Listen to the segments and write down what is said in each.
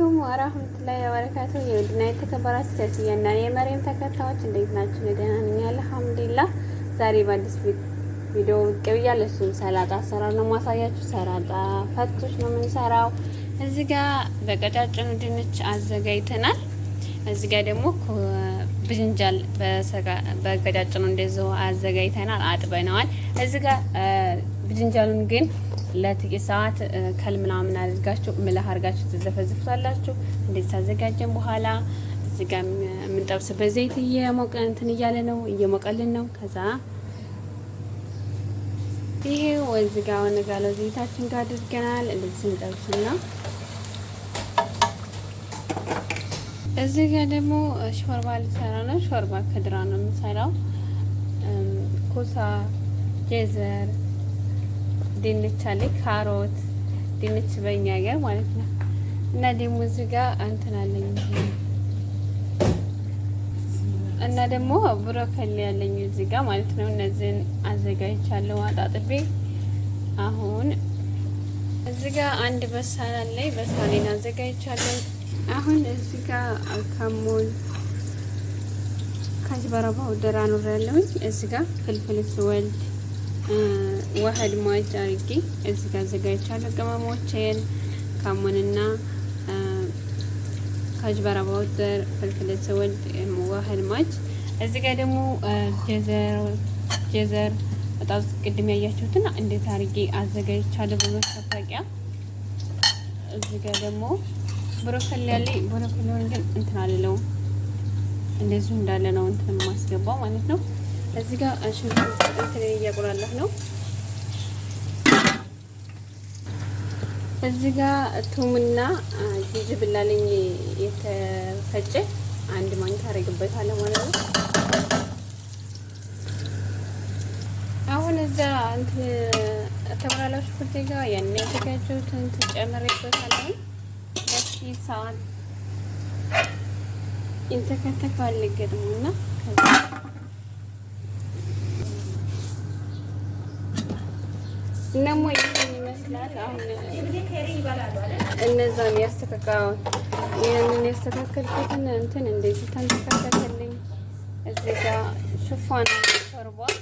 አለይኩም ወራህመቱላሂ ወበረካቱ። የውድና የተከበራችሁ የእናን የመሬም ተከታዮች እንዴት ናችሁ? ደህና ነኝ አልሐምዱሊላህ። ዛሬ በአዲስ ቪዲዮ ብቅ ብያለሁ። እሱም ሰላጣ አሰራር ነው ማሳያችሁ። ሰላጣ ፈቶች ነው የምንሰራው። እዚህ ጋር በቀጫጭኑ ድንች አዘጋጅተናል። እዚህ ጋር ደግሞ ብንጃል በቀጫጭኑ እንደዚሁ አዘጋጅተናል፣ አጥበነዋል። እዚህ ጋር ብንጃሉን ግን ለጥቂት ሰዓት ከል ምናምን አድርጋችሁ ምልህ አድርጋችሁ ትዘፈዝፉታላችሁ። እንዴት ታዘጋጀን በኋላ እዚህ ጋር የምንጠብስበት ዘይት እየሞቀ እንትን እያለ ነው፣ እየሞቀልን ነው። ከዛ ይሄ እዚህ ጋር ወነጋለው ዘይታችን ጋር አድርገናል። እንደዚህ ስንጠብስና እዚህ ጋር ደግሞ ሾርባ ልሰራ ነው። ሾርባ ከድራ ነው የምሰራው። ኮሳ ጄዘር ድንች አለ፣ ካሮት ድንች በእኛ ሀገር ማለት ነው። እና ደግሞ እዚህ ጋር እንትን አለኝ እና ደግሞ ብሮኮሊ ያለኝ እዚህ ጋር ማለት ነው። እነዚህን አዘጋጅቻለሁ አጣጥቤ። አሁን እዚህ ጋር አንድ በሳል አለኝ፣ በሳሌን አዘጋጅቻለሁ። አሁን እዚህ ጋር ከሙን ካጅ በረባው ደራ ኑር ያለውኝ እዚህ ጋር ፍልፍል ስወልድ ውሃ ድሟጭ አድርጌ እዚህ ጋር አዘጋጅቻለሁ። ቅመሞቼን ካሞንና ከጅበራ ባውዘር ፍልፍል ስወድ ውሃ ድሟጭ እዚህ ጋር ደግሞ ጀዘር ጀዘር በጣም ቅድም ያያችሁትና እንዴት አድርጌ አዘጋጅቻለሁ በመሰፋቂያ እዚህ ጋር ደግሞ ብሮኮሊ ያለ ብሮኮሊውን ግን እንትን አልለውም እንደዚሁ እንዳለ ነው እንትን የማስገባው ማለት ነው። እዚህ ጋር ሽንኩርት እንትን እያቁላላህ ነው እዚህ ጋር ቱምና ዝንጅብል አለኝ የተፈጨ አንድ ማንኪያ አደርግበታለሁ ማለት ነው። አሁን እዛ እንትን ተብራላሽ ሽንኩርቴ ጋር ያን ያዘጋጀሁትን ትጨምሬበታለሁ። ለሺ ሰዓት ይንተከተካል ገድሞና እነሞ ይሄ እነዛን ያስተካከል ይህንን ያስተካከልኩትን እንትን እንደዚህ ተንተካከልልኝ። እዚህ ጋ ሽፋን ተርቧል።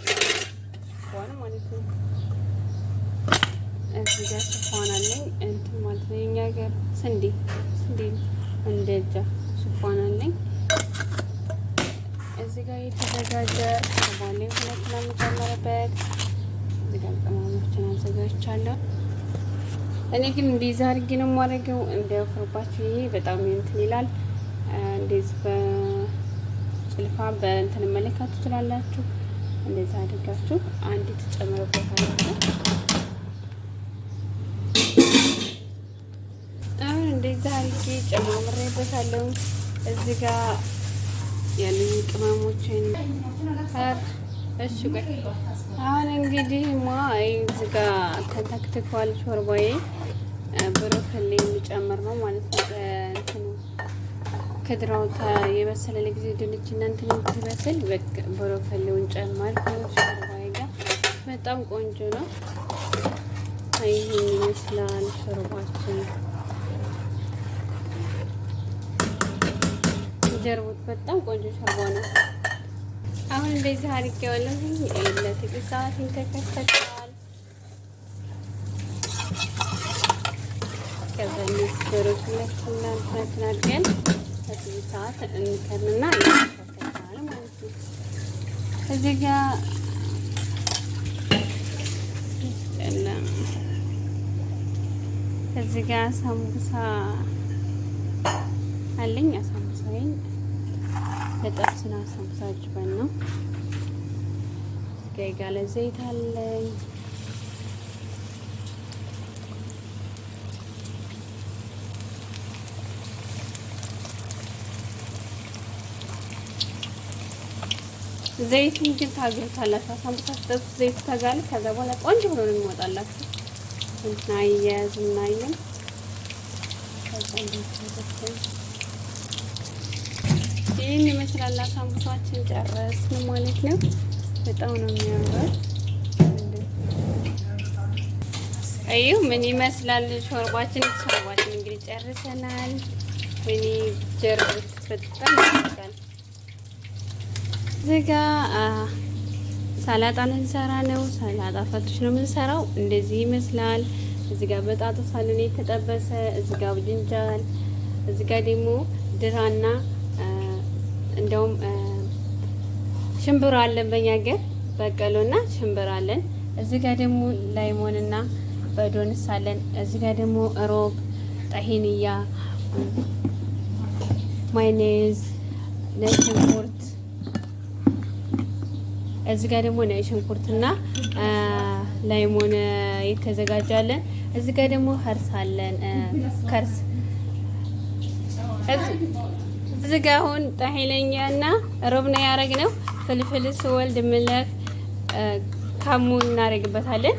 ሽፋን ማለት ነው። እዚህ ጋ ሽፋን አለኝ እንትን ማለት ነው። የኛ ሀገር ስንዴ ስንዴ እንደጃ ሽፋን አለኝ። እዚህ ጋ የተዘጋጀ ተርቧ ሁለት ምናምን እዚህ ጋ ቅመሞችን አዘጋጅቻለሁ። እኔ ግን እንደዛ አድርጌ ነው የማደርገው። እንዳያወፍርባችሁ ይሄ በጣም እንትን ይላል። እንደዚህ በጭልፋ በእንትን መለካት ትችላላችሁ። እንደዛ አድርጋችሁ አንድ ትጨምሩበታላችሁ። አሁን እንደዛ አድርጌ ጨማምሬበታለሁ። እዚህ ጋር ያሉ ቅመሞችን እሺ ቆይ አሁን እንግዲህ ማ እዚህ ጋር ተንተክትኳል ሾርባዬ ብሮኮሊ የሚጨምር ነው ማለት ነው። ከድራው የበሰለ ለጊዜ ድንች እናንተ ትበስል ብሮኮሊውን ጨምር ሾርባዬ ጋር በጣም ቆንጆ ነው። ይህን ይመስላል ሾርባችን። ጀርቡት በጣም ቆንጆ ሾርባ ነው። አሁን እንደዚህ አድርጌዋለሁ ለጥቂት ሰዓት ተከተል ከዛ የሚስደሮች ሁለትና እንትን አድርገን በዚህ ሰዓት እንከርንና ይከተታል ማለት ነው። እዚህ ጋር እዚህ ጋር ሳምቡሳ አለኝ። አሳምቡሳዬን ለጠብስና ሳምቡሳ ጅበን ነው። እዚህ ጋር የጋለ ዘይት አለኝ። ዘይት እንግዲህ ታገኙታላችሁ። አሳምጣ ተጠጡ ዘይት ተጋለ። ከዛ በኋላ ቆንጆ ሆኖ ነው የሚወጣላችሁ። እና የዝናየን ይህን ይመስላል ጨረስን ማለት ነው። በጣም ነው የሚያምረው። ምን ይመስላል ሾርባችን? ሾርባችን እንግዲህ ጨርሰናል። በጣም ይመስላል እዚህ ጋ ሰላጣ ልንሰራ ነው። ሰላጣ ፈትሽ ነው የምንሰራው። እንደዚህ ይመስላል። እዚህ ጋ በጣጥስ አለን የተጠበሰ። እዚህ ጋ ደሞ እዚህ ደግሞ ድራና እንደውም ሽምብራ አለን። በእኛ በቀሎና ሽምብራ አለን። እዚህ ጋ ደግሞ ላይሞንና በዶንስ አለን። እዚህ ጋ ደግሞ ሮብ ጣሂንያ፣ ማይኔዝ፣ ነጭ ሽንኩርት እዚህ ጋር ደግሞ ነጭ ሽንኩርትና ላይሞን የተዘጋጃለን። እዚህ ጋር ደግሞ ከርስ አለን። ከርስ እዚህ ጋር አሁን ጣሂለኛና ሮብ ነው ያደረግነው። ፍልፍል ስወልድ ምለክ ካሙ እናደርግበታለን።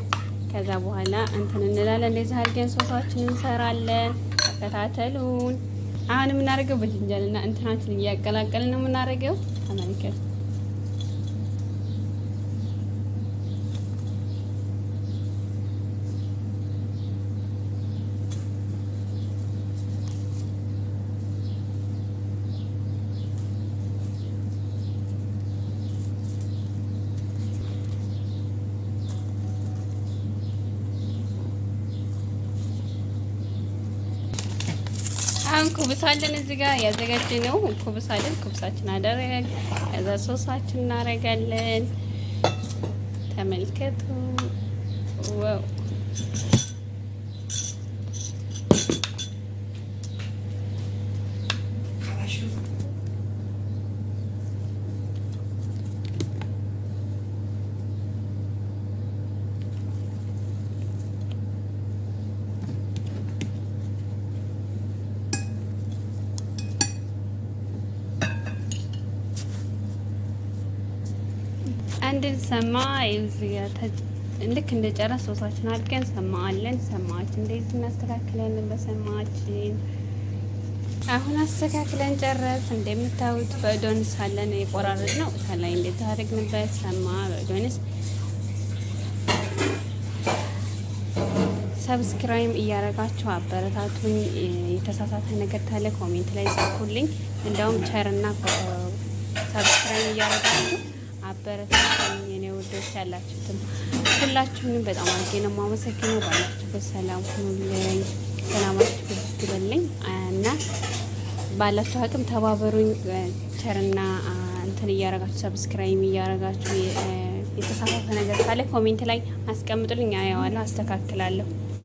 ከዛ በኋላ እንትን እንላለን። እንደዚህ አድርገን ሶሳችን እንሰራለን። ተከታተሉን። አሁን የምናደርገው በጅንጀልና እንትናችን እያቀላቀልን ነው የምናደርገው። ተመልከቱ። አሁን ኩብሳለን እዚህ ጋር ያዘጋጀነው ኩብሳለን። ኩብሳችን አደረግ ከዛ ሶሳችን እናደርጋለን። ተመልከቱ ዋው እንድንሰማ ልክ እንደ ጨረስ ሶሳችን አድርገን ሰማለን ሰማች እንዴት እናስተካክለን። በሰማችን አሁን አስተካክለን ጨረስ። እንደምታዩት በዶንስ አለን የቆራረጥ ነው ከላይ እንደታደረግንበት ሰማ በዶንስ ሰብስክራይብ እያደረጋችሁ አበረታቱኝ። የተሳሳተ ነገር ታለ ኮሜንት ላይ ጽፉልኝ። እንደውም ቸርና ሰብስክራይብ እያደረጋችሁ አበረታኝ የኔ ውዶች ያላችሁትም ሁላችሁንም በጣም አድርጌ ነው የማመሰግነው። ባላችሁበት ሰላም ሁኑልኝ፣ ሰላማችሁ እና ባላችሁ አቅም ተባበሩኝ። ቸርና እንትን እያረጋችሁ ሰብስክራይብ እያረጋችሁ የተሳሳተ ነገር ካለ ኮሜንት ላይ አስቀምጡልኝ፣ አየዋለሁ፣ አስተካክላለሁ።